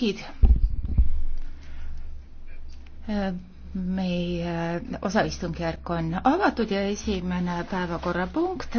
kolleegid! meie osaistungjärk on avatud ja esimene päevakorrapunkt